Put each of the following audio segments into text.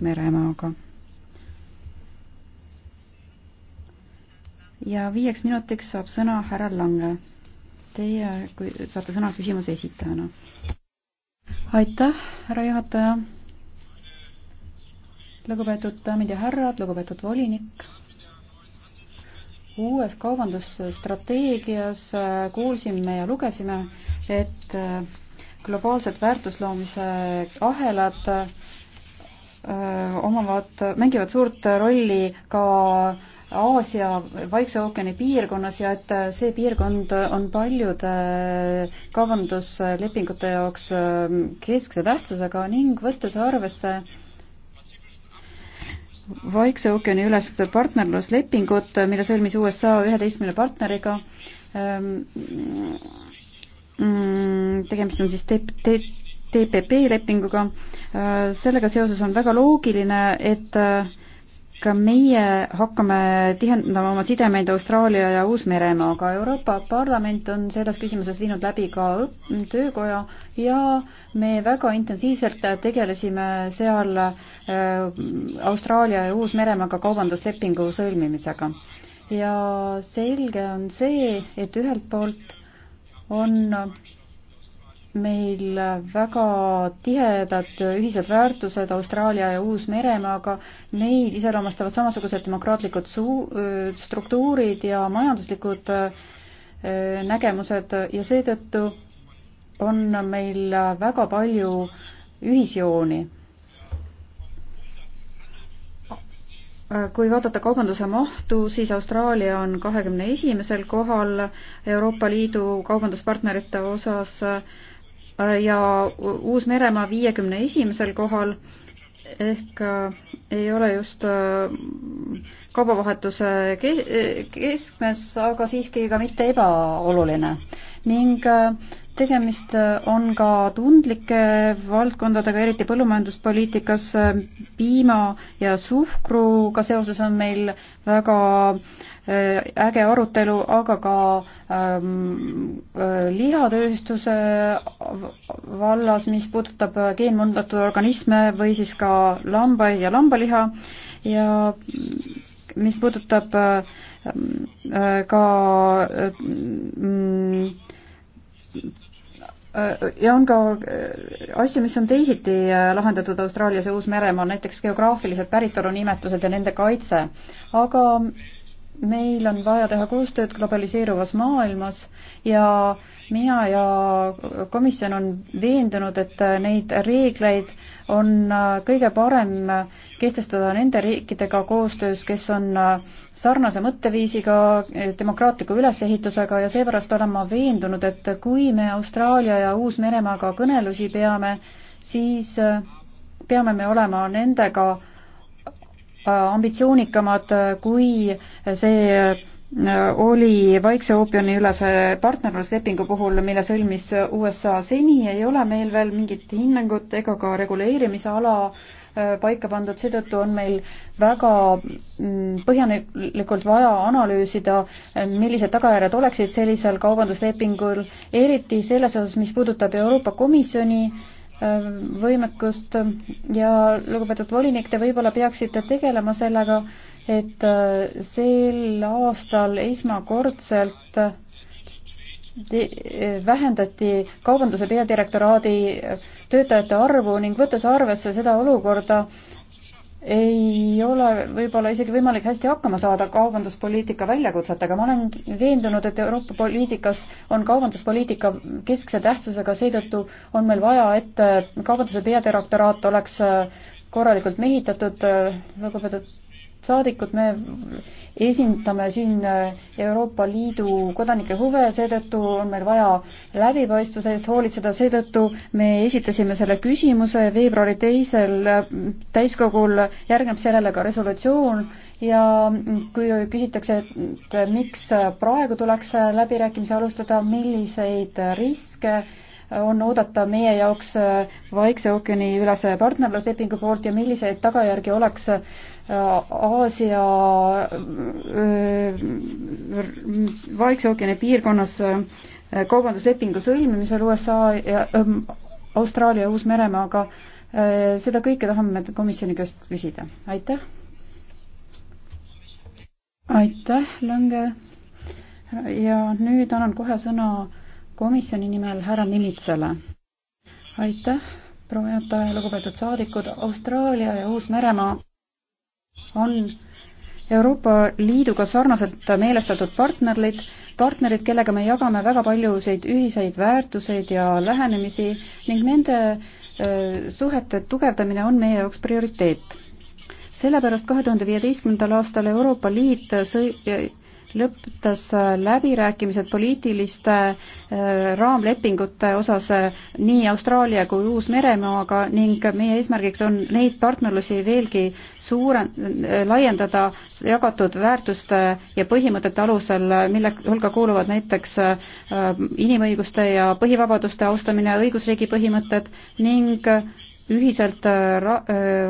Meremaaga. ja viieks minutiks saab sõna härra Lange. Teie kui, saate sõna küsimuse esitajana. aitäh, härra juhataja. lugupeetud daamid ja härrad, lugupeetud volinik uues kaubandusstrateegias kuulsime ja lugesime, et globaalsed väärtusloomise ahelad omavad, mängivad suurt rolli ka Aasia Vaikse ookeani piirkonnas ja et äh, see piirkond on paljude äh, kaubanduslepingute jaoks ähm, keskse tähtsusega ning võttes arvesse Vaikse ookeani ülest partnerluslepingut, mille sõlmis USA üheteistkümne partneriga, ähm, mm, tegemist on siis TPP TPP lepinguga. Äh, sellega seoses on väga loogiline, et äh, ka meie hakkame tihendama oma sidemeid Austraalia ja Uus-Meremaaga. Euroopa Parlament on selles küsimuses viinud läbi ka töökoja ja me väga intensiivselt tegelesime seal äh, Austraalia ja Uus-Meremaaga kaubanduslepingu sõlmimisega. ja selge on see, et ühelt poolt on meil väga tihedad ühised väärtused Austraalia ja Uus-Meremaaga, neid iseloomustavad samasugused demokraatlikud suu-, struktuurid ja majanduslikud nägemused ja seetõttu on meil väga palju ühisjooni. kui vaadata kaubanduse mahtu, siis Austraalia on kahekümne esimesel kohal Euroopa Liidu kaubanduspartnerite osas äh, ja Uus-Meremaa viiekümne esimesel kohal ehk äh, ei ole just äh, kaubavahetuse keskmes, aga siiski ka mitte ebaoluline. ning äh, tegemist on ka tundlike valdkondadega, eriti põllumajanduspoliitikas, piima ja suhkruga seoses on meil väga äh, Äh, äge arutelu, aga ka ähm, äh, lihatööstuse vallas, mis puudutab äh, geenmundatud organisme või siis ka lambaid ja lambaliha ja mis puudutab äh, ka mm, äh, ja on ka asju, mis on teisiti lahendatud Austraalias ja Uus-Meremaal, näiteks geograafilised päritolunimetused ja nende kaitse. aga meil on vaja teha koostööd globaliseeruvas maailmas ja mina ja komisjon on veendunud, et neid reegleid on kõige parem kehtestada nende riikidega koostöös, kes on sarnase mõtteviisiga, demokraatliku ülesehitusega ja seepärast olen ma veendunud, et kui me Austraalia ja Uus-Meremaaga kõnelusi peame, siis peame me olema nendega ambitsioonikamad kui see äh, oli Vaikse ookeani ülese partnerluslepingu puhul, mille sõlmis USA. seni ei ole meil veel mingit hinnangut ega ka reguleerimise ala äh, paika pandud, seetõttu on meil väga mm, põhjalikult vaja analüüsida, äh, millised tagajärjed oleksid sellisel kaubanduslepingul, eriti selles osas, mis puudutab Euroopa Komisjoni äh, Äh, võimekust ja lugupeetud volinik, te võib-olla peaksite tegelema sellega, et äh, sel aastal esmakordselt äh, vähendati kaubanduse peadirektoraadi töötajate arvu ning võttes arvesse seda olukorda, ei ole võib-olla isegi võimalik hästi hakkama saada kaubanduspoliitika väljakutsetega. ma olen veendunud, et Euroopa poliitikas on kaubanduspoliitika keskse tähtsusega, seetõttu on meil vaja, et kaubanduse peadirektoraat oleks korralikult mehitatud, äh, lugupeetud saadikud, me esindame siin äh, Euroopa Liidu kodanike huve, seetõttu on meil vaja läbipaistvuse eest hoolitseda, seetõttu me esitasime selle küsimuse veebruari teisel äh, täiskogul, järgneb sellele ka resolutsioon ja kui küsitakse, et äh, miks praegu tuleks läbirääkimisi alustada, milliseid riske on oodata meie jaoks Vaikse ookeani ülese partnerluslepingu poolt ja milliseid tagajärgi oleks Aasia äh, Vaikse ookeani piirkonnas äh, kaubanduslepingu sõlmimisel USA ja ähm, Austraalia ja Uus-Meremaaga. Äh, seda kõike tahame komisjoni käest küsida. aitäh. aitäh, Lange. ja nüüd annan kohe sõna komisjoni nimel härra Nimitsale. aitäh, proua juhataja, lugupeetud saadikud, Austraalia ja Uus-Meremaa on Euroopa Liiduga sarnaselt meelestatud partnerid, partnerid, kellega me jagame väga paljusid ühiseid väärtuseid ja lähenemisi ning nende äh, suhete tugevdamine on meie jaoks prioriteet. sellepärast kahe tuhande viieteistkümnendal aastal Euroopa Liit sõi-, lõpetas äh, läbirääkimised poliitiliste äh, raamlepingute osas äh, nii Austraalia kui Uus-Meremaaga ning meie eesmärgiks on neid partnerlusi veelgi suure, laiendada jagatud väärtuste ja põhimõtete alusel, mille hulka kuuluvad näiteks inimõiguste ja põhivabaduste austamine, õigusriigi põhimõtted ning ühiselt ra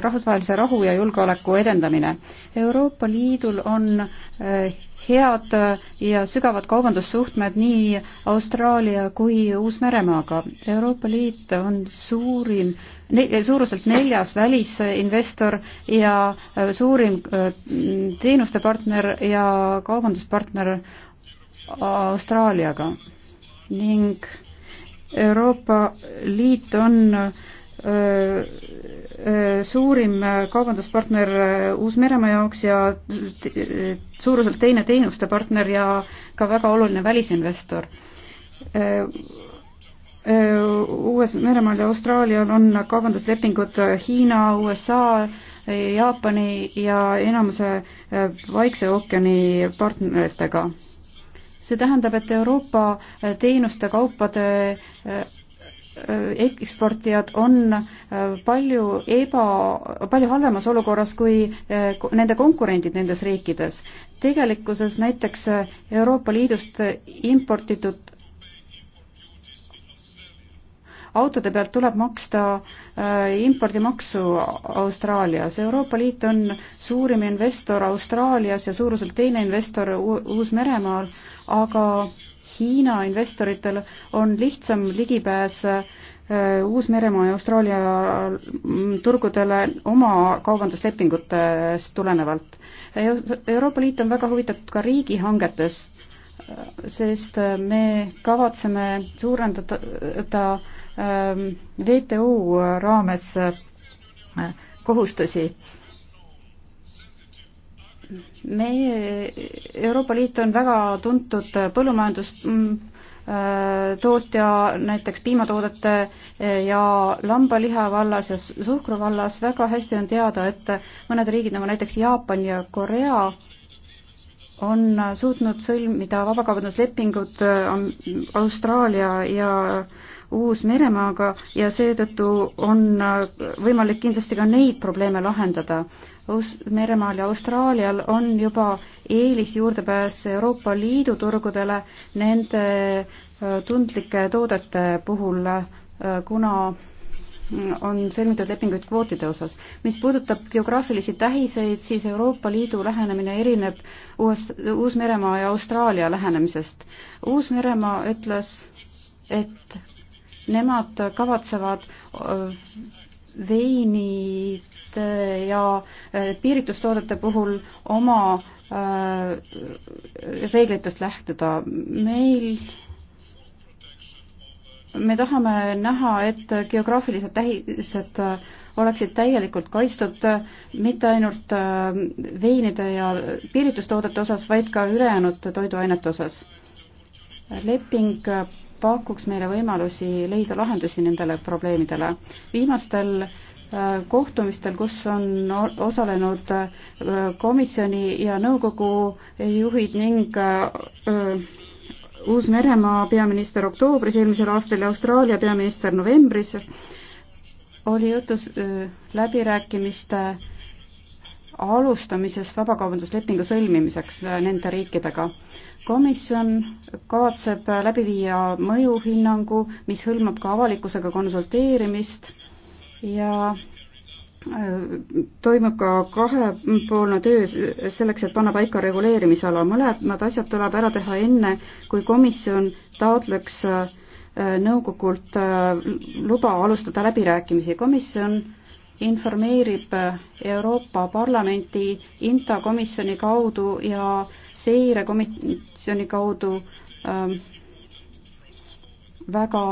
rahvusvahelise rahu ja julgeoleku edendamine. Euroopa Liidul on head ja sügavad kaubandussuhtmed nii Austraalia kui Uus-Meremaaga. Euroopa Liit on suurim ne, suuruselt neljas välisinvestor ja äh, suurim äh, teenuste partner ja kaubanduspartner Austraaliaga ning Euroopa Liit on suurim kaubanduspartner Uus-Meremaa jaoks ja suuruselt teine teenuste partner ja ka väga oluline välisinvestor. Uus-Meremaal ja Austraalial on kaubanduslepingud Hiina, USA, Jaapani ja enamuse Vaikse ookeani partneritega see tähendab, et Euroopa teenuste, kaupade Äh, eksportijad on äh, palju eba, palju halvemas olukorras kui äh, nende konkurendid nendes riikides. tegelikkuses näiteks Euroopa Liidust importitud autode pealt tuleb maksta impordimaksu Austraalias. Euroopa Liit on suurim investor Austraalias ja suuruselt teine investor Uus-Meremaal, aga Hiina investoritel on lihtsam ligipääs äh, Uus-Meremaa ja Austraalia mm, turgudele oma kaubanduslepingutest tulenevalt. Euroopa Liit on väga huvitatud ka riigihangetest, äh, sest äh, me kavatseme suurendada WTO raames kohustusi meie, Euroopa Liit on väga tuntud põllumajandustootja mm, äh, näiteks piimatoodete äh, ja lambaliha vallas ja suhkru vallas, väga hästi on teada, et mõned riigid nagu näiteks Jaapan ja Korea on suutnud sõlmida vabakaubanduslepingud äh, Austraalia ja äh, Uus-Meremaaga ja seetõttu on äh, võimalik kindlasti ka neid probleeme lahendada. Uus-Meremaal ja Austraalial on juba eelis juurdepääs Euroopa Liidu turgudele nende äh, tundlike toodete puhul, äh, kuna mm, on sõlmitud lepinguid kvootide osas. mis puudutab geograafilisi tähiseid, siis Euroopa Liidu lähenemine erineb US, Uus-Meremaa ja Austraalia lähenemisest. Uus-Meremaa ütles, et nemad kavatsevad veinide ja piiritustoodete puhul oma reeglitest lähtuda. meil me tahame näha, et geograafilised tähised oleksid täielikult kaitstud mitte ainult veinide ja piiritustoodete osas, vaid ka ülejäänud toiduainete osas leping pakuks meile võimalusi leida lahendusi nendele probleemidele. viimastel äh, kohtumistel, kus on osalenud äh, komisjoni ja nõukogu juhid ning äh, Uus-Meremaa peaminister oktoobris eelmisel aastal ja Austraalia peaminister novembris, oli jutus läbirääkimiste alustamisest vabakaubanduslepingu sõlmimiseks nende riikidega komisjon kavatseb läbi viia mõjuhinnangu, mis hõlmab ka avalikkusega konsulteerimist ja äh, toimub ka kahepoolne töö selleks, et panna paika reguleerimisala. mõlemad asjad tuleb ära teha enne, kui komisjon taotleks äh, nõukogult äh, luba alustada läbirääkimisi. komisjon informeerib Euroopa Parlamenti INTA komisjoni kaudu ja seirekomisjoni kaudu ähm, väga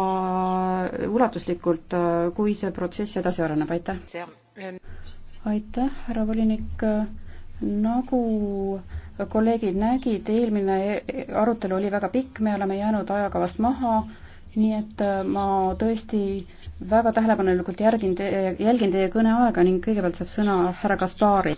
ulatuslikult, äh, kui see protsess edasi areneb, aitäh! aitäh, härra volinik, nagu kolleegid nägid, eelmine arutelu oli väga pikk, me oleme jäänud ajakavast maha, nii et äh, ma tõesti väga tähelepanelikult järgin te, jälgin teie kõneaega ning kõigepealt saab sõna härra Kaspari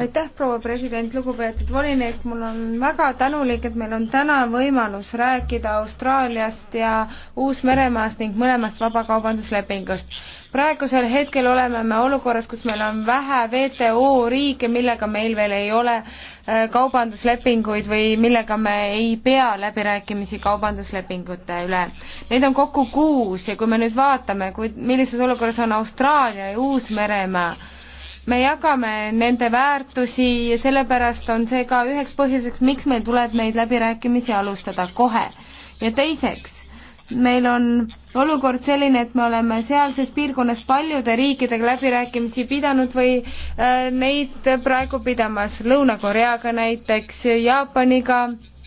aitäh, proua president, lugupeetud volinik, mul on väga tänulik, et meil on täna võimalus rääkida Austraaliast ja Uus-Meremaast ning mõlemast vabakaubanduslepingust. praegusel hetkel oleme me olukorras, kus meil on vähe WTO riike, millega meil veel ei ole äh, kaubanduslepinguid või millega me ei pea läbirääkimisi kaubanduslepingute üle. Neid on kokku kuus ja kui me nüüd vaatame, kui, millises olukorras on Austraalia ja Uus-Meremaa, me jagame nende väärtusi ja sellepärast on see ka üheks põhjuseks, miks meil tuleb neid läbirääkimisi alustada kohe. ja teiseks, meil on olukord selline, et me oleme sealses piirkonnas paljude riikidega läbirääkimisi pidanud või äh, neid praegu pidamas, Lõuna-Koreaga näiteks, Jaapaniga äh,,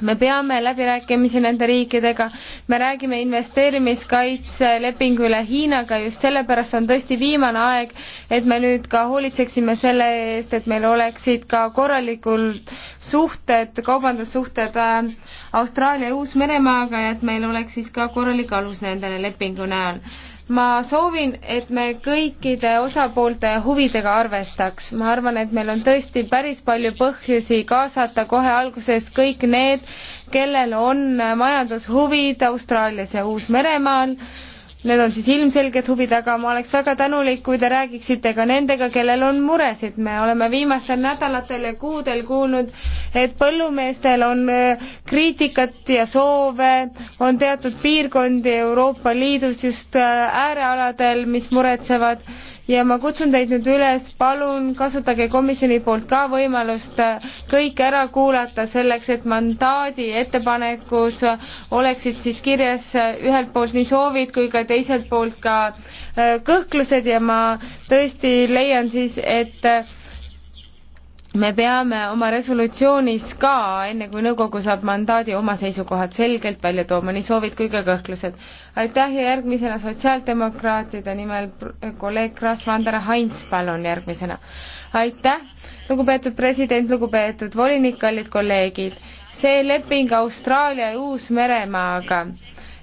me peame läbirääkimisi nende riikidega, me räägime investeerimiskaitselepingu üle Hiinaga, just sellepärast on tõesti viimane aeg, et me nüüd ka hoolitseksime selle eest, et meil oleksid ka korralikud suhted, kaubandussuhted äh, Austraalia ja Uus-Meremaaga ja et meil oleks siis ka korralik alus nendele lepingu näol ma soovin, et me kõikide osapoolte huvidega arvestaks. ma arvan, et meil on tõesti päris palju põhjusi kaasata kohe alguses kõik need, kellel on majandushuvid Austraalias ja Uus-Meremaal Need on siis ilmselged huvid, aga ma oleks väga tänulik, kui te räägiksite ka nendega, kellel on muresid. me oleme viimastel nädalatel ja kuudel kuulnud, et põllumeestel on äh, kriitikat ja soove, on teatud piirkondi Euroopa Liidus just äh, äärealadel, mis muretsevad ja ma kutsun teid nüüd üles, palun kasutage komisjoni poolt ka võimalust äh, kõik ära kuulata selleks, et mandaadi ettepanekus oleksid siis kirjas äh, ühelt poolt nii soovid kui ka teiselt poolt ka äh, kõhklused ja ma tõesti leian siis, et me peame oma resolutsioonis ka, enne kui nõukogu saab mandaadi, oma seisukohad selgelt välja tooma, nii soovid kui ka kõhklused. aitäh ja järgmisena sotsiaaldemokraatide nimel kolleeg Kras-Vander Heinz, palun järgmisena. aitäh, lugupeetud president, lugupeetud volinik, kallid kolleegid. see leping Austraalia ja Uus-Meremaaga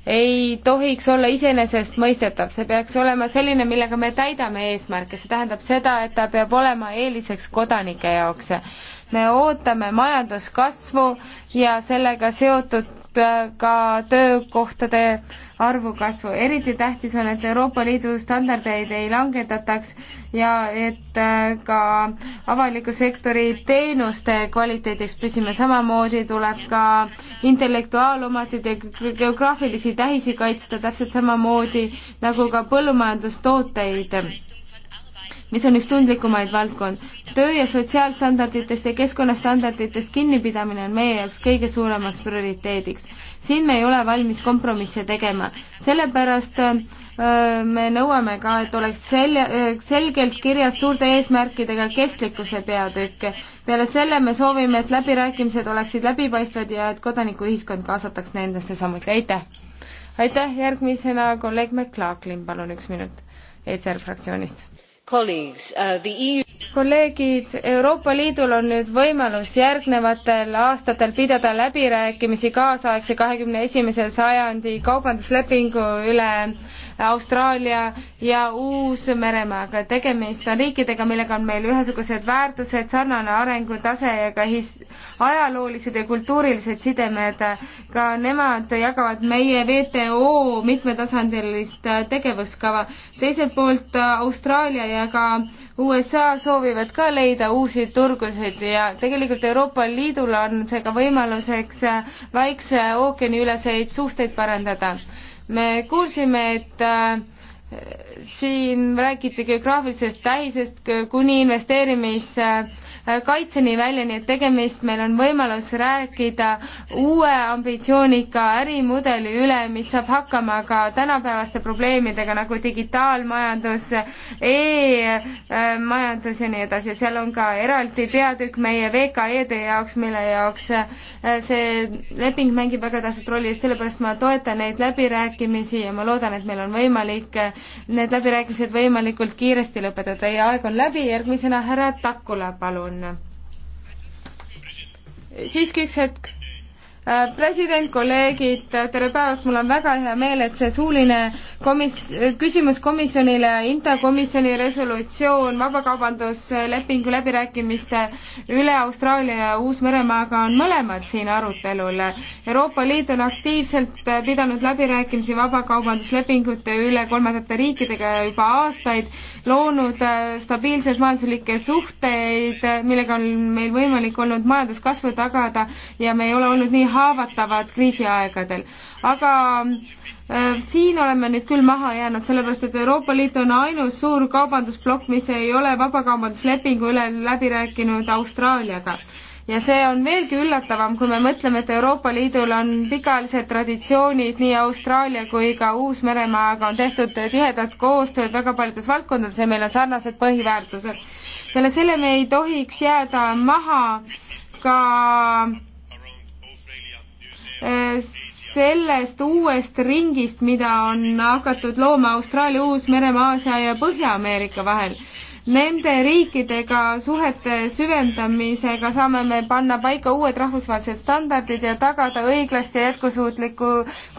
ei tohiks olla iseenesestmõistetav, see peaks olema selline, millega me täidame eesmärke, see tähendab seda, et ta peab olema eeliseks kodanike jaoks. me ootame majanduskasvu ja sellega seotud Äh, ka töökohtade arvu kasvu. eriti tähtis on, et Euroopa Liidu standardeid ei langetataks ja et äh, ka avaliku sektori teenuste kvaliteediks püsime. samamoodi tuleb ka intellektuaalomatid ja geograafilisi tähisi kaitsta täpselt samamoodi nagu ka põllumajandustooteid mis on üks tundlikumaid valdkond. töö ja sotsiaalstandarditest ja keskkonnastandarditest kinnipidamine on meie jaoks kõige suuremaks prioriteediks. siin me ei ole valmis kompromisse tegema, sellepärast öö, äh, me nõuame ka, et oleks selja, äh, selgelt kirjas suurte eesmärkidega kestlikkuse peatükk. peale selle me soovime, et läbirääkimised oleksid läbipaistvad ja et kodanikuühiskond kaasataks nendesse samuti, aitäh! aitäh, järgmisena kolleeg McLaughlin, palun üks minut ECR fraktsioonist Uh, e kolleegid euroopa liidul on nüüd võimalus järgnevatel aastatel pidada läbirääkimisi kaasaegse 21 sajandi kaubanduslepingu üle Austraalia ja Uus-Meremaaga. tegemist on riikidega, millega on meil ühesugused väärtused, sarnane arengutase ja ka his-, ajaloolised ja kultuurilised sidemed. ka nemad jagavad meie WTO mitmetasandilist tegevuskava. teiselt poolt Austraalia ja ka USA soovivad ka leida uusi turgusid ja tegelikult Euroopa Liidul on see ka võimaluseks Vaikse ookeani üleseid suhteid parandada me kuulsime, et äh, siin räägiti geograafilisest tähisest kuni investeerimis- Äh, kaitseni välja, nii et tegemist, meil on võimalus rääkida uue ambitsioonika ärimudeli üle, mis saab hakkama ka tänapäevaste probleemidega nagu digitaalmajandus e, e-majandus ja nii edasi, seal on ka eraldi peatükk meie VKE-de jaoks, mille jaoks äh, see leping mängib väga tähtsat rolli, just sellepärast ma toetan neid läbirääkimisi ja ma loodan, et meil on võimalik need läbirääkimised võimalikult kiiresti lõpetada ja aeg on läbi, järgmisena härra Takula, palun on siiski üks hetk Äh, president, kolleegid, äh, tere päevast, mul on väga hea meel, et see suuline komis-, äh, küsimus komisjonile, intakomisjoni resolutsioon vabakaubanduslepingu läbirääkimiste üle Austraalia ja Uus-Meremaaga on mõlemad siin arutelul. Euroopa Liit on aktiivselt pidanud läbirääkimisi vabakaubanduslepingute üle kolmandate riikidega juba aastaid, loonud stabiilseid majanduslikke suhteid, millega on meil võimalik olnud majanduskasvu tagada ja me ei ole olnud nii haavatavad kriisiaegadel. aga äh, siin oleme nüüd küll maha jäänud, sellepärast et Euroopa Liit on ainus suur kaubandusplokk, mis ei ole vabakaubanduslepingu üle läbi rääkinud Austraaliaga ja see on veelgi üllatavam, kui me mõtleme, et Euroopa Liidul on pikaajalised traditsioonid nii Austraalia kui ka Uus-Meremaaga on tehtud tihedat koostööd väga paljudes valdkondades ja meil on sarnased põhiväärtused. peale selle me ei tohiks jääda maha ka Äh, sellest uuest ringist, mida on hakatud looma Austraalia, Uus-Meremaa, Aasia ja Põhja-Ameerika vahel. Nende riikidega suhete süvendamisega saame me panna paika uued rahvusvahelised standardid ja tagada õiglast ja jätkusuutlikku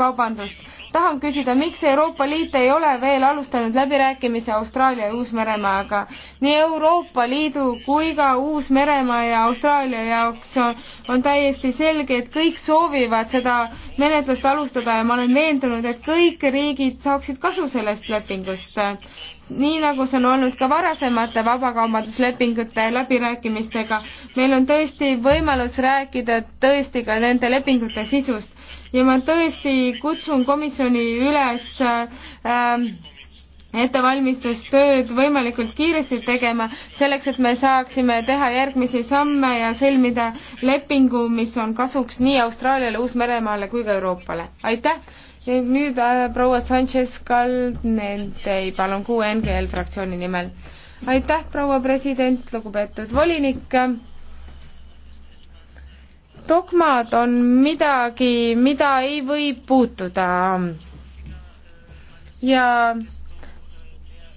kaubandust tahan küsida, miks Euroopa Liit ei ole veel alustanud läbirääkimisi Austraalia ja Uus-Meremaaga? nii Euroopa Liidu kui ka Uus-Meremaa ja Austraalia jaoks on, on täiesti selge, et kõik soovivad seda menetlust alustada ja ma olen veendunud, et kõik riigid saaksid kasu sellest lepingust nii nagu see on olnud ka varasemate vabakaubanduslepingute läbirääkimistega, meil on tõesti võimalus rääkida tõesti ka nende lepingute sisust ja ma tõesti kutsun komisjoni üles ähm, ettevalmistustööd võimalikult kiiresti tegema, selleks et me saaksime teha järgmisi samme ja sõlmida lepingu, mis on kasuks nii Austraaliale, Uus-Meremaale kui ka Euroopale. aitäh! ja nüüd äh, proua Sanchez Caldentei, palun, QNGL fraktsiooni nimel. aitäh, proua president, lugupeetud volinik dogmad on midagi, mida ei või puutuda. ja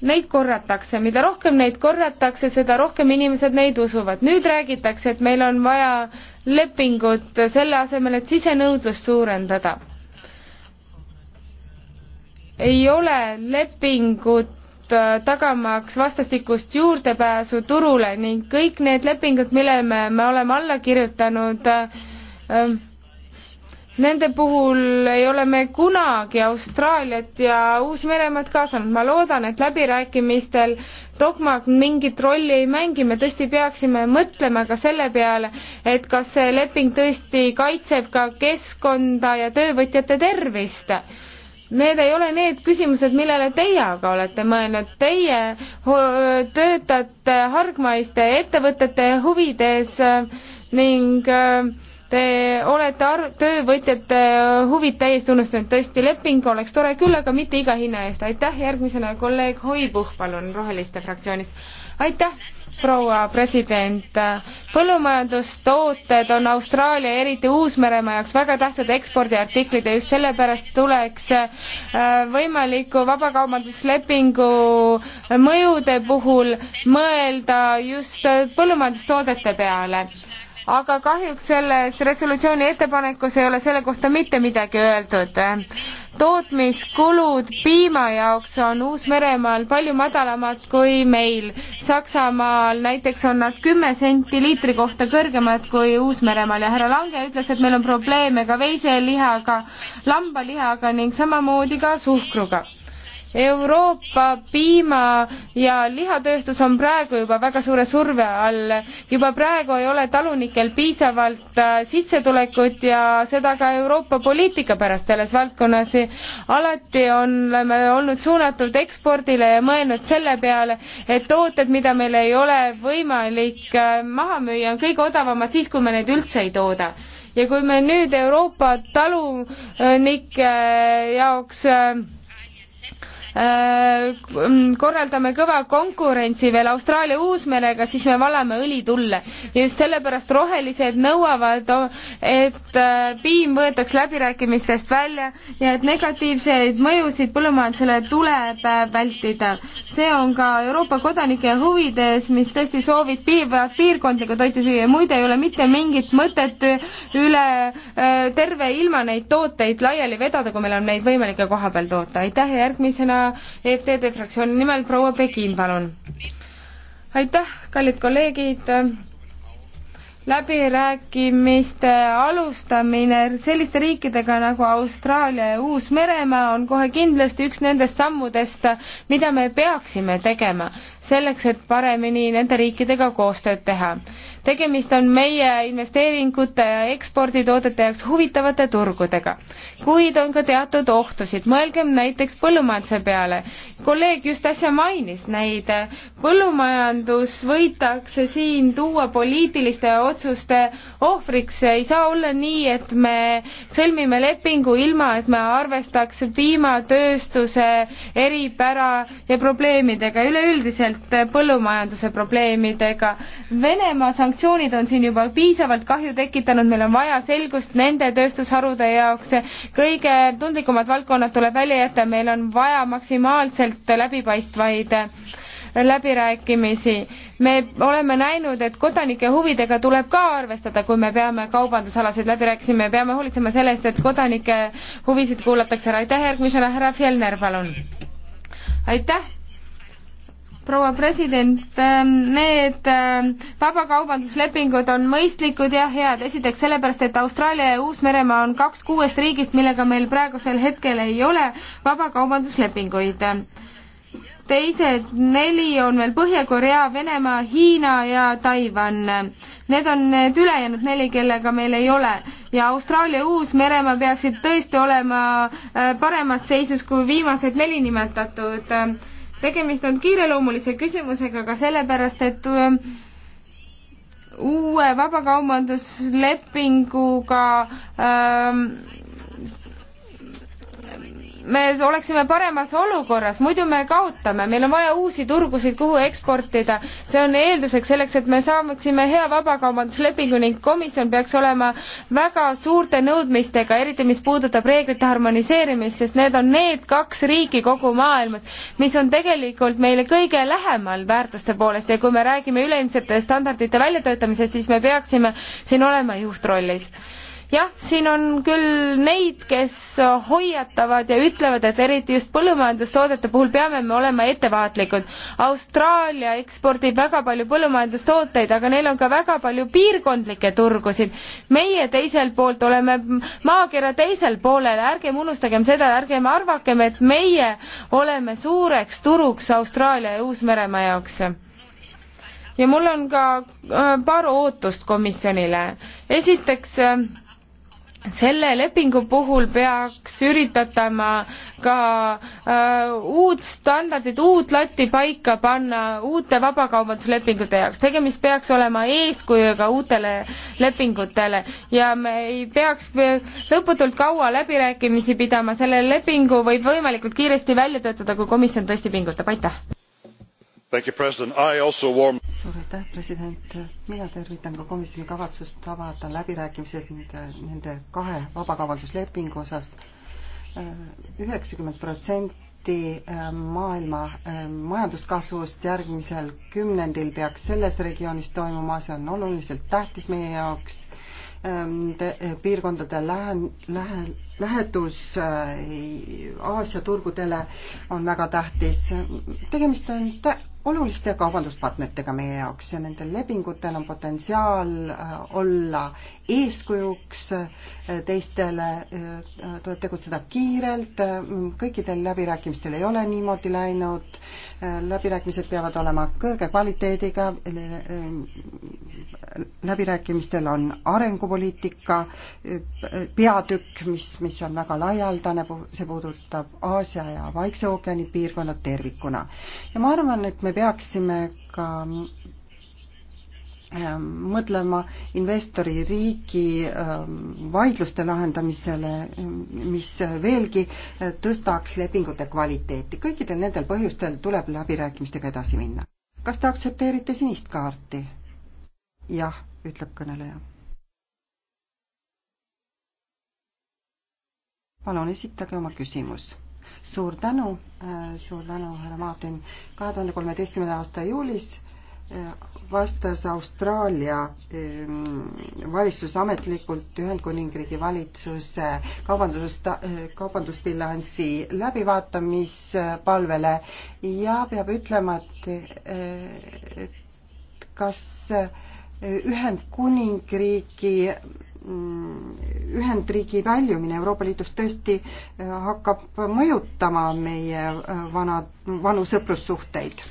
neid korratakse, mida rohkem neid korratakse, seda rohkem inimesed neid usuvad. nüüd räägitakse, et meil on vaja lepingut selle asemel, et sisenõudlust suurendada. ei ole lepingut Äh, tagamaks vastastikust juurdepääsu turule ning kõik need lepingud, mille me, me oleme alla kirjutanud, äh, ähm, nende puhul ei ole me kunagi Austraaliat ja Uus-Meremaad kaasanud. ma loodan, et läbirääkimistel dogmad mingit rolli ei mängi, me tõesti peaksime mõtlema ka selle peale, et kas see leping tõesti kaitseb ka keskkonda ja töövõtjate tervist Need ei ole need küsimused, millele teie aga olete mõelnud. Teie töötate hargmaiste ettevõtete huvides äh, ning äh, Te olete ar-, töövõtjate huvid täiesti unustanud, tõesti, leping oleks tore küll, aga mitte iga hinna eest. aitäh, järgmisena kolleeg Hoibuh, palun, Roheliste fraktsioonist. aitäh, proua president. põllumajandustooted on Austraalia, eriti Uus-Meremaa jaoks väga tähtsad ekspordiartiklid ja just sellepärast tuleks äh, võimaliku vabakaubanduslepingu mõjude puhul mõelda just põllumajandustoodete peale aga kahjuks selles resolutsiooni ettepanekus ei ole selle kohta mitte midagi öeldud. tootmiskulud piima jaoks on Uus-Meremaal palju madalamad kui meil. Saksamaal näiteks on nad kümme senti liitri kohta kõrgemad kui Uus-Meremaal ja härra Lange ütles, et meil on probleeme ka veiselihaga, lambalihaga ning samamoodi ka suhkruga Euroopa piima- ja lihatööstus on praegu juba väga suure surve all. juba praegu ei ole talunikel piisavalt äh, sissetulekut ja seda ka Euroopa poliitika pärast selles valdkonnas. alati oleme olnud suunatud ekspordile ja mõelnud selle peale, et tooted, mida meil ei ole võimalik äh, maha müüa, on kõige odavamad siis, kui me neid üldse ei tooda ja kui me nüüd Euroopa talunike äh, jaoks Äh, mm, korraldame kõva konkurentsi veel Austraalia uusmerega, siis me valame õlitulle. ja just sellepärast rohelised nõuavad, et äh, piim võetaks läbirääkimistest välja ja et negatiivseid mõjusid põllumajandusele tuleb äh, vältida. see on ka Euroopa kodanike huvides, mis tõesti soovib piivavat piirkondlikku toitu süüa ja muide ei ole mitte mingit mõtet üle terve ilma neid tooteid laiali vedada, kui meil on neid võimalik ka kohapeal toota. aitäh ja järgmisena EFTD fraktsiooni nimel proua Pekin, palun. aitäh, kallid kolleegid läbirääkimiste alustamine selliste riikidega nagu Austraalia ja Uus-Meremaa on kohe kindlasti üks nendest sammudest, mida me peaksime tegema selleks, et paremini nende riikidega koostööd teha tegemist on meie investeeringute ja eksporditoodete jaoks huvitavate turgudega. kuid on ka teatud ohtusid, mõelgem näiteks põllumajanduse peale. kolleeg just äsja mainis neid, põllumajandus võidakse siin tuua poliitiliste otsuste ohvriks, ei saa olla nii, et me sõlmime lepingu ilma, et me arvestaks piimatööstuse eripära ja probleemidega, üleüldiselt põllumajanduse probleemidega. Venemaa sanktsioonidega sanktsioonid on siin juba piisavalt kahju tekitanud, meil on vaja selgust nende tööstusharude jaoks, kõige tundlikumad valdkonnad tuleb välja jätta, meil on vaja maksimaalselt läbipaistvaid läbirääkimisi. me oleme näinud, et kodanike huvidega tuleb ka arvestada, kui me peame kaubandusalaseid läbirääkimisi, me peame hoolitsema selle eest, et kodanike huvisid kuulatakse ära. aitäh, järgmisena härra Fjellner, palun. aitäh proua president, ähm, need ähm, vabakaubanduslepingud on mõistlikud ja head, esiteks sellepärast, et Austraalia ja Uus-Meremaa on kaks kuuest riigist, millega meil praegusel hetkel ei ole vabakaubanduslepinguid. teised neli on veel Põhja-Korea, Venemaa, Hiina ja Taiwan. Need on need ülejäänud neli, kellega meil ei ole ja Austraalia ja Uus-Meremaa peaksid tõesti olema äh, paremas seisus kui viimased neli nimetatud tegemist on kiireloomulise küsimusega ka sellepärast, et ähm, uue vabakaubanduslepinguga ähm, me oleksime paremas olukorras, muidu me kaotame, meil on vaja uusi turgusid, kuhu eksportida. see on eelduseks selleks, et me saaksime hea vabakaubanduslepingu ning komisjon peaks olema väga suurte nõudmistega, eriti mis puudutab reeglite harmoniseerimist, sest need on need kaks riiki kogu maailmas, mis on tegelikult meile kõige lähemal väärtuste poolest ja kui me räägime üleilmsete standardite väljatöötamisest, siis me peaksime siin olema juhtrollis jah, siin on küll neid, kes hoiatavad ja ütlevad, et eriti just põllumajandustoodete puhul peame me olema ettevaatlikud. Austraalia ekspordib väga palju põllumajandustooteid, aga neil on ka väga palju piirkondlikke turgusid. meie teiselt poolt oleme maakera teisel poolel, ärgem unustagem seda, ärgem arvakem, et meie oleme suureks turuks Austraalia ja Uus-Meremaa jaoks ja mul on ka äh, paar ootust komisjonile. esiteks äh, selle lepingu puhul peaks üritatama ka äh, uut standardit, uut latti paika panna uute vabakaubanduslepingute jaoks. tegemist peaks olema eeskujuga uutele lepingutele ja me ei peaks lõputult kaua läbirääkimisi pidama, selle lepingu võib võimalikult kiiresti välja töötada, kui komisjon tõesti pingutab, aitäh! Warm suur aitäh, president. mina tervitan ka komisjoni kavatsust avada läbirääkimised nende, nende kahe vabakaubanduslepingu osas. üheksakümmend protsenti äh, maailma äh, majanduskasvust järgmisel kümnendil peaks selles regioonis toimuma, see on oluliselt tähtis meie jaoks. Ähm, äh, piirkondade lähen-, lähen-, lähetus äh, Aasia turgudele on väga tähtis. tegemist on tä oluliste kaubanduspartneritega meie jaoks ja nendel lepingutel on potentsiaal äh, olla eeskujuks äh, teistele, tuleb tegutseda kiirelt, kõikidel läbirääkimistel ei ole niimoodi läinud, läbirääkimised peavad olema kõrge kvaliteediga, läbirääkimistel on arengupoliitika peatükk, mis, mis mis on väga laialdane, see puudutab Aasia ja Vaikse ookeani piirkonna tervikuna. ja ma arvan, et me peaksime ka ähm, mõtlema investori riigi ähm, vaidluste lahendamisele, ähm, mis veelgi äh, tõstaks lepingute kvaliteeti. kõikidel nendel põhjustel tuleb läbirääkimistega edasi minna. kas te aktsepteerite sinist kaarti? jah, ütleb kõneleja palun esitage oma küsimus. suur tänu, äh, suur tänu, härra Martin. kahe tuhande kolmeteistkümnenda aasta juulis äh, vastas Austraalia ähm, valitsus ametlikult Ühendkuningriigi valitsuse kaubandus, äh, kaubandusbilansi läbivaatamispalvele ja peab ütlema, et, et kas Ühendkuningriigi Mm, Ühendriigi väljumine Euroopa Liidust tõesti äh, hakkab mõjutama meie äh, vana, vanu sõprussuhteid.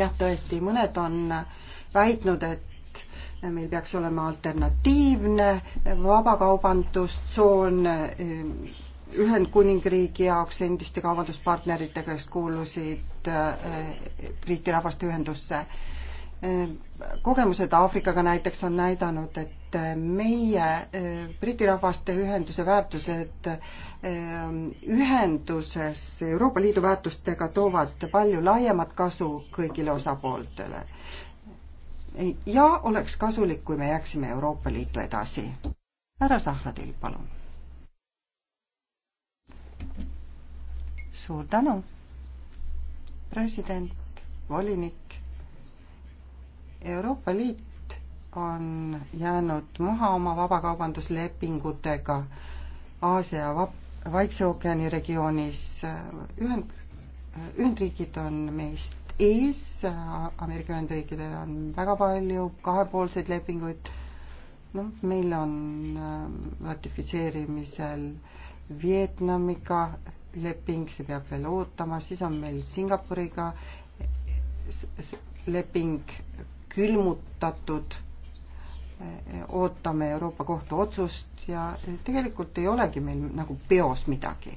jah, tõesti, mõned on väitnud, et meil peaks olema alternatiivne vabakaubandustsoon äh, Ühendkuningriigi jaoks endiste kaubanduspartneritega, kes kuulusid Briti rahvaste ühendusse kogemused Aafrikaga näiteks on näidanud, et meie eh, Briti Rahvaste Ühenduse väärtused eh, ühenduses Euroopa Liidu väärtustega toovad palju laiemat kasu kõigile osapooltele. ja oleks kasulik, kui me jääksime Euroopa Liitu edasi. härra Zahradil, palun. suur tänu, president, volinik Euroopa Liit on jäänud maha oma vabakaubanduslepingutega Aasia Vaikse ookeani regioonis. Ühend, Ühendriigid on meist ees, Ameerika Ühendriikidel on väga palju kahepoolseid lepinguid. noh, meil on äh, ratifitseerimisel Vietnamiga leping, see peab veel ootama, siis on meil Singapuriga leping, külmutatud. ootame Euroopa Kohtu otsust ja tegelikult ei olegi meil nagu peos midagi.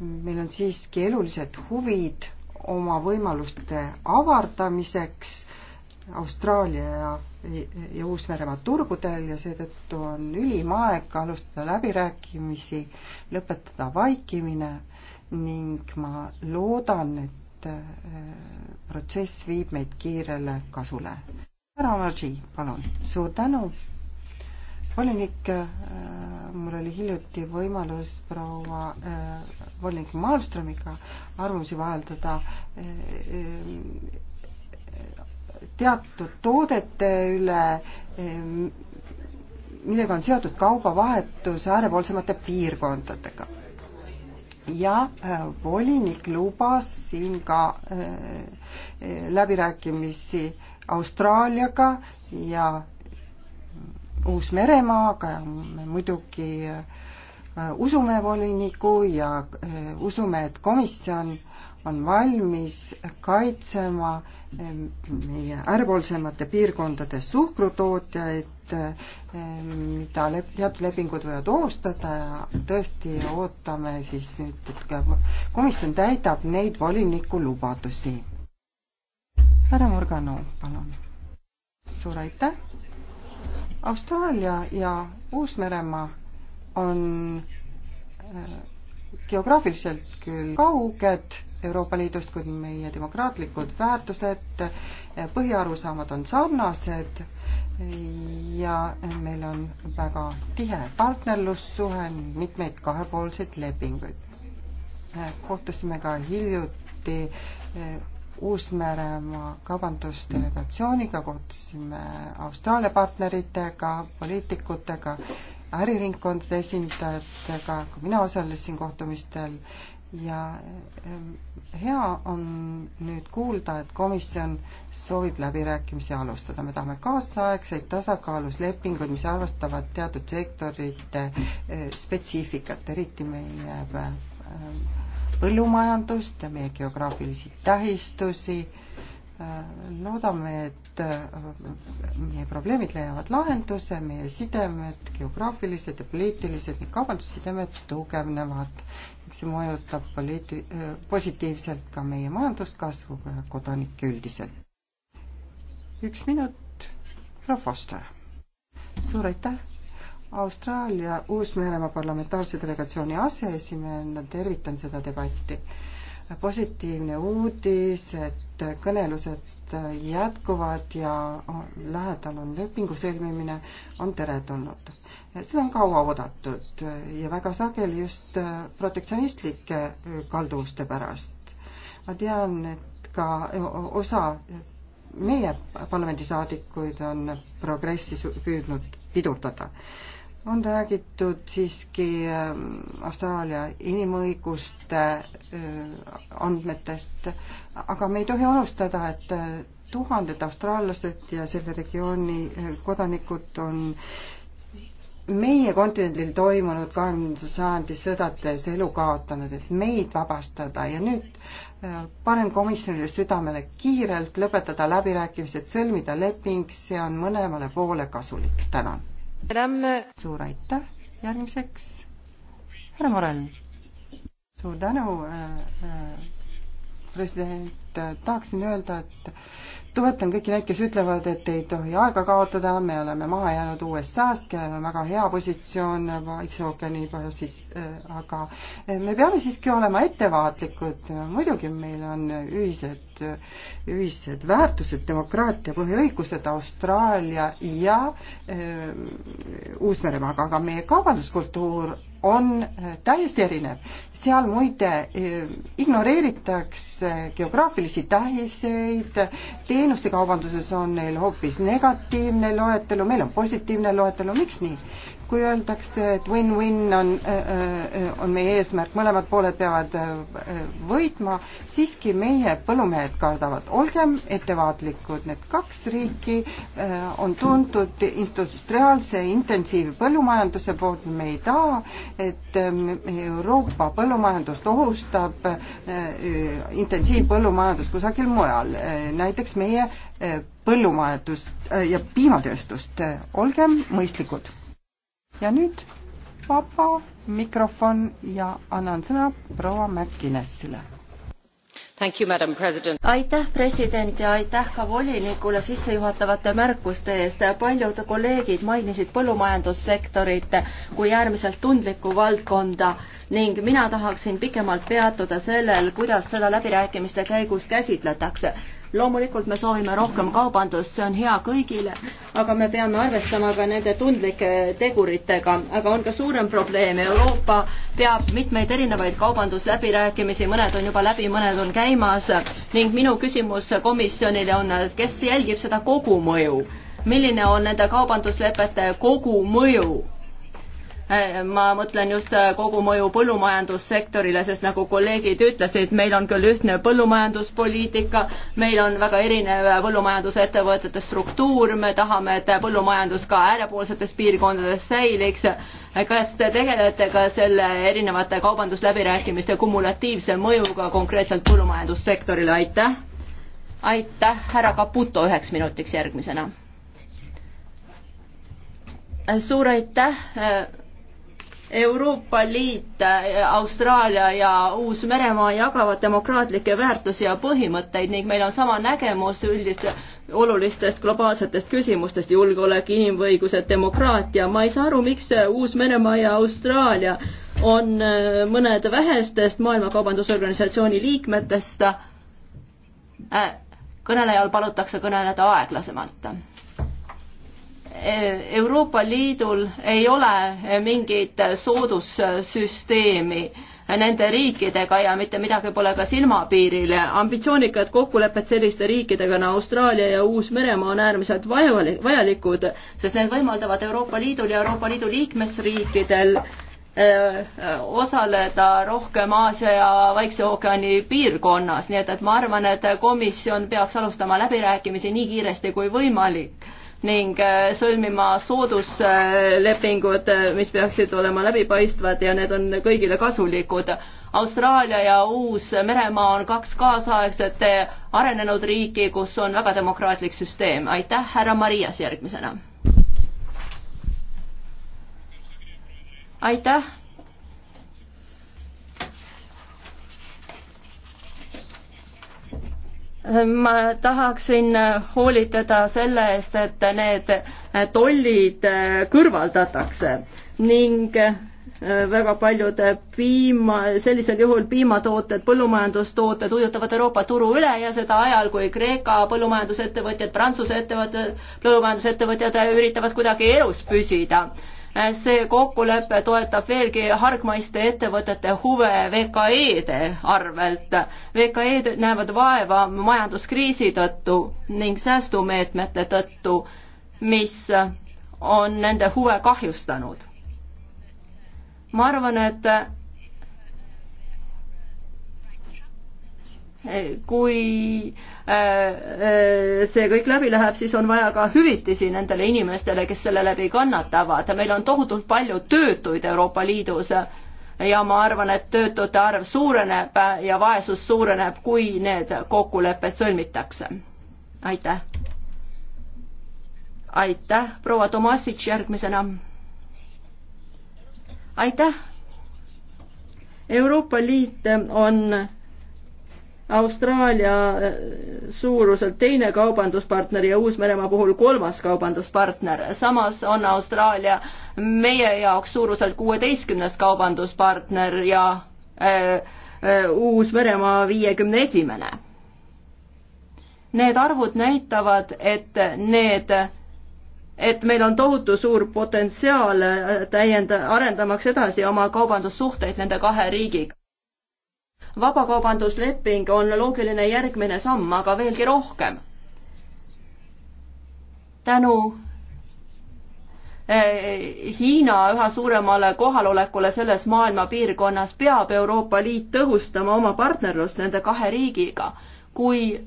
meil on siiski elulised huvid oma võimaluste avardamiseks Austraalia ja, ja Uus-Meremaa turgudel ja seetõttu on ülim aeg alustada läbirääkimisi, lõpetada vaikimine ning ma loodan, et et äh, protsess viib meid kiirele kasule. härra Omarži, palun. suur tänu. volinik, äh, mul oli hiljuti võimalus proua äh, volinik Malmströmiga arvamusi vaheldada teatud toodete üle millega on seotud kaubavahetus äärepoolsemate piirkondadega ja äh, volinik lubas siin ka äh, läbirääkimisi Austraaliaga ja Uus-Meremaaga ja me muidugi äh, usume volinikku ja usume, et komisjon on valmis kaitsema ehm, meie äärepoolsemate piirkondade suhkrutootjaid, ehm, mida lep-, teatud lepingud võivad ohustada ja tõesti ootame siis nüüd, et komisjon täidab neid voliniku lubadusi. härra Morgano, palun. suur aitäh. Austraalia ja Uus-Meremaa on ehm, geograafiliselt küll kauged Euroopa Liidust, kuid meie demokraatlikud väärtused, põhiarusaamad on sarnased ja meil on väga tihe partnerlussuhe, mitmeid kahepoolseid lepinguid. kohtusime ka hiljuti eh, Uus-Meremaa kaubandusdelegatsiooniga, kohtusime Austraalia partneritega, poliitikutega äriringkondade esindajatega, ka mina osalesin kohtumistel ja ehm, hea on nüüd kuulda, et komisjon soovib läbirääkimisi alustada, me tahame kaasaegseid tasakaalus lepinguid, mis arvestavad teatud sektorite eh, spetsiifikat, eriti meie ehm, põllumajandust ja meie geograafilisi tähistusi äh, loodame, et äh, meie probleemid leiavad lahenduse, meie sidemed, geograafilised ja poliitilised ning kaubandussidemed tugevnevad. see mõjutab poliiti-, äh, positiivselt ka meie majanduskasvu ja kodanikke üldiselt. üks minut, härra Foster. suur aitäh Austraalia Uus-Meremaa parlamentaarse delegatsiooni aseesimehena tervitan seda debatti positiivne uudis, et kõnelused jätkuvad ja lähedal on lepingu sõlmimine, on teretulnud. seda on kaua oodatud ja väga sageli just protektsionistlike kalduvuste pärast. ma tean, et ka osa meie parlamendisaadikuid on progressi püüdnud pidurdada on räägitud siiski ähm, Austraalia inimõiguste äh, andmetest, aga me ei tohi unustada, et äh, tuhanded austraallased ja selle regiooni äh, kodanikud on meie kontinendil toimunud kahekümnenda sajandi sõdades elu kaotanud, et meid vabastada ja nüüd panen komisjonile südamele kiirelt lõpetada läbirääkimised, sõlmida leping, see on mõlemale poole kasulik. tänan suur aitäh, järgmiseks härra Morel. suur tänu äh,, äh, president, tahaksin öelda, et toetan kõiki neid, kes ütlevad, et ei tohi aega kaotada, me oleme maha jäänud USA-st, kellel on väga hea positsioon Vaikse ookeani siis äh,, aga äh, me peame siiski olema ettevaatlikud, muidugi meil on ühised, ühised väärtused, demokraatia, põhiõigused Austraalia ja äh, Uus-Meremaaga, aga meie kaubanduskultuur on äh, täiesti erinev. seal muide äh, ignoreeritakse geograafilisi tähiseid, teenuste kaubanduses on neil hoopis negatiivne loetelu, meil on positiivne loetelu, miks nii? kui öeldakse, et win-win on, äh, äh, äh, on meie eesmärk, mõlemad pooled peavad võitma, siiski meie põllumehed kardavad, olgem ettevaatlikud, need kaks riiki on tuntud industriaalse intensiivpõllumajanduse poolt, me ei taha, et Euroopa põllumajandust ohustab intensiivpõllumajandus kusagil mujal, näiteks meie põllumajandust ja piimatööstust, olgem mõistlikud ja nüüd vaba mikrofon ja annan sõna proua McInnesile. You, aitäh president ja aitäh ka volinikule sissejuhatavate märkuste eest. paljud kolleegid mainisid põllumajandussektorit kui äärmiselt tundlikku valdkonda ning mina tahaksin pikemalt peatuda sellel, kuidas seda läbirääkimiste käigus käsitletakse loomulikult me soovime rohkem kaubandust, see on hea kõigile, aga me peame arvestama ka nende tundlike teguritega, aga on ka suurem probleem, Euroopa peab mitmeid erinevaid kaubandusläbirääkimisi, mõned on juba läbi, mõned on käimas ning minu küsimus komisjonile on, kes jälgib seda kogumõju? milline on nende kaubanduslepete kogumõju? Äh, ma mõtlen just äh, kogumõju põllumajandussektorile, sest nagu kolleegid ütlesid, meil on küll ühtne põllumajanduspoliitika, meil on väga erinev äh, põllumajandusettevõtete struktuur, me tahame, et põllumajandus ka äärepoolsetes piirkondades säiliks. kas te tegelete ka selle erinevate kaubandusläbirääkimiste kumulatiivse mõjuga konkreetselt põllumajandussektorile, aitäh! aitäh, härra Caputo üheks minutiks järgmisena. suur aitäh Euroopa Liit, äh, Austraalia ja Uus-Meremaa jagavad demokraatlikke väärtusi ja põhimõtteid ning meil on sama nägemus üldist olulistest globaalsetest küsimustest, julgeolek, inimõigused, demokraatia. ma ei saa aru, miks Uus-Meremaa ja Austraalia on äh, mõned vähestest Maailma Kaubandusorganisatsiooni liikmetest. Äh, kõnelejal palutakse kõneleda aeglasemalt Euroopa Liidul ei ole mingit soodussüsteemi nende riikidega ja mitte midagi pole ka silmapiiril. ambitsioonikad kokkulepped selliste riikidega nagu Austraalia ja Uus-Meremaa on äärmiselt vajalikud, sest need võimaldavad Euroopa Liidul ja Euroopa Liidu liikmesriikidel äh, osaleda rohkem Aasia ja Vaikse ookeani piirkonnas, nii et, et ma arvan, et komisjon peaks alustama läbirääkimisi nii kiiresti kui võimalik ning äh, sõlmima sooduslepingud, äh, mis peaksid olema läbipaistvad ja need on kõigile kasulikud. Austraalia ja Uus-Meremaa on kaks kaasaegset äh, arenenud riiki, kus on väga demokraatlik süsteem. aitäh, härra Marias järgmisena. aitäh ma tahaksin äh, hoolitada selle eest, et need äh, tollid äh, kõrvaldatakse ning väga paljud piima, sellisel juhul piimatooted, põllumajandustooted ujutavad Euroopa turu üle ja seda ajal, kui Kreeka põllumajandusettevõtjad, Prantsuse ettevõtted, põllumajandusettevõtjad üritavad kuidagi elus püsida see kokkulepe toetab veelgi hargmaiste ettevõtete huve VKE-de arvelt. VKE-d näevad vaeva majanduskriisi tõttu ning säästumeetmete tõttu, mis on nende huve kahjustanud. ma arvan, et kui äh, äh, see kõik läbi läheb, siis on vaja ka hüvitisi nendele inimestele, kes selle läbi kannatavad. meil on tohutult palju töötuid Euroopa Liidus ja ma arvan, et töötute arv suureneb ja vaesus suureneb, kui need kokkulepped sõlmitakse. aitäh. aitäh, proua Tomasitš järgmisena. aitäh. Euroopa Liit on Austraalia äh, suuruselt teine kaubanduspartner ja Uus-Meremaa puhul kolmas kaubanduspartner. samas on Austraalia meie jaoks suuruselt kuueteistkümnes kaubanduspartner ja äh, äh, Uus-Meremaa viiekümne esimene. Need arvud näitavad, et need, et meil on tohutu suur potentsiaal täienda-, arendamaks edasi oma kaubandussuhteid nende kahe riigiga vabakaubandusleping on loogiline järgmine samm, aga veelgi rohkem. tänu eh, Hiina üha suuremale kohalolekule selles maailma piirkonnas peab Euroopa Liit tõhustama oma partnerlust nende kahe riigiga. kui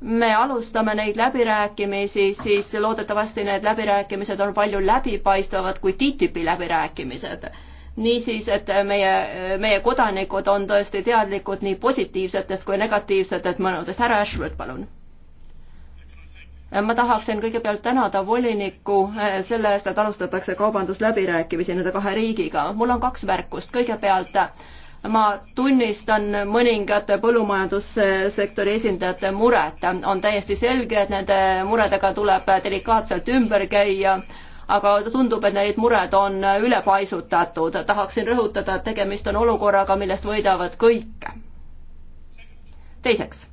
me alustame neid läbirääkimisi, siis loodetavasti need läbirääkimised on palju läbipaistvamad kui TTIP-i läbirääkimised niisiis, et meie, meie kodanikud on tõesti teadlikud nii positiivsetest kui negatiivsetest mõjudest. härra Ashford, palun. ma tahaksin kõigepealt tänada volinikku eh, selle eest, et alustatakse kaubandusläbirääkimisi nende kahe riigiga. mul on kaks märkust. kõigepealt ma tunnistan mõningate põllumajandussektori esindajate muret. on täiesti selge, et nende muredega tuleb delikaatselt ümber käia aga tundub, et need mured on ülepaisutatud. tahaksin rõhutada, et tegemist on olukorraga, millest võidavad kõik. teiseks,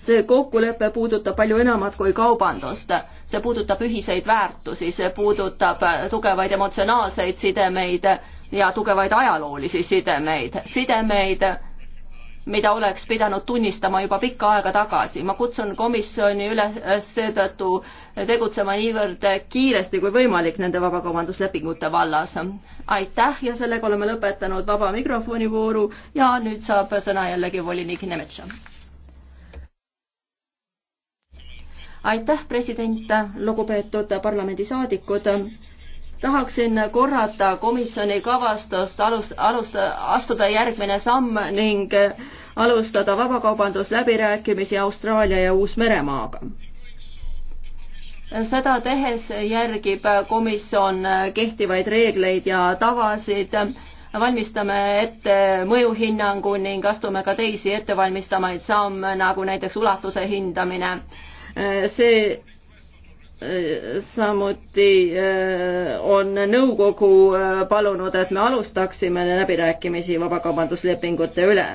see kokkulepe puudutab palju enamat kui kaubandust. see puudutab ühiseid väärtusi, see puudutab tugevaid emotsionaalseid sidemeid ja tugevaid ajaloolisi sidemeid, sidemeid mida oleks pidanud tunnistama juba pikka aega tagasi. ma kutsun komisjoni üles äh, seetõttu tegutsema niivõrd kiiresti kui võimalik nende vabakaubanduslepingute vallas. aitäh ja sellega oleme lõpetanud vaba mikrofoni vooru ja nüüd saab sõna jällegi volinik Nemetša. aitäh, president, lugupeetud parlamendisaadikud tahaksin korrata komisjoni kavastust alus, alusta, astuda järgmine samm ning alustada vabakaubandusläbirääkimisi Austraalia ja Uus-Meremaaga. seda tehes järgib komisjon kehtivaid reegleid ja tavasid, valmistame ette mõjuhinnangu ning astume ka teisi ettevalmistavaid samme, nagu näiteks ulatuse hindamine. see samuti eh, on nõukogu eh, palunud, et me alustaksime läbirääkimisi vabakaubanduslepingute üle.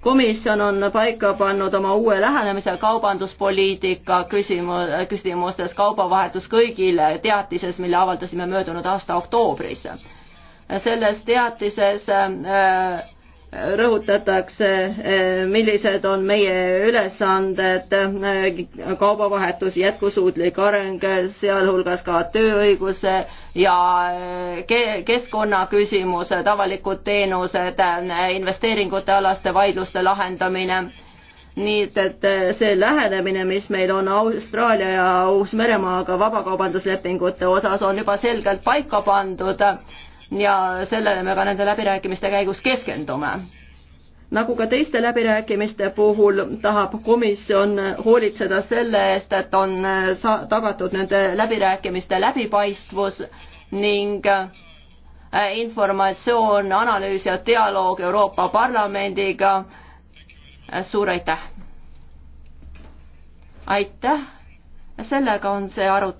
komisjon on paika pannud oma uue lähenemise kaubanduspoliitika küsimus, küsimustes kaubavahetus kõigile teatises, mille avaldasime möödunud aasta oktoobris. selles teatises äh, rõhutatakse, eh, millised on meie ülesanded, eh, kaubavahetus, jätkusuutlik areng, sealhulgas ka tööõiguse ja eh, keskkonnaküsimused, avalikud teenused, investeeringute alaste vaidluste lahendamine nii et, et see lähenemine, mis meil on Austraalia ja Uus-Meremaaga vabakaubanduslepingute osas, on juba selgelt paika pandud ja sellele me ka nende läbirääkimiste käigus keskendume nagu ka teiste läbirääkimiste puhul tahab komisjon hoolitseda selle eest, et on äh, tagatud nende läbirääkimiste läbipaistvus ning äh, informatsioon, analüüs ja dialoog Euroopa Parlamendiga. suur aitäh! aitäh! sellega on see arutelu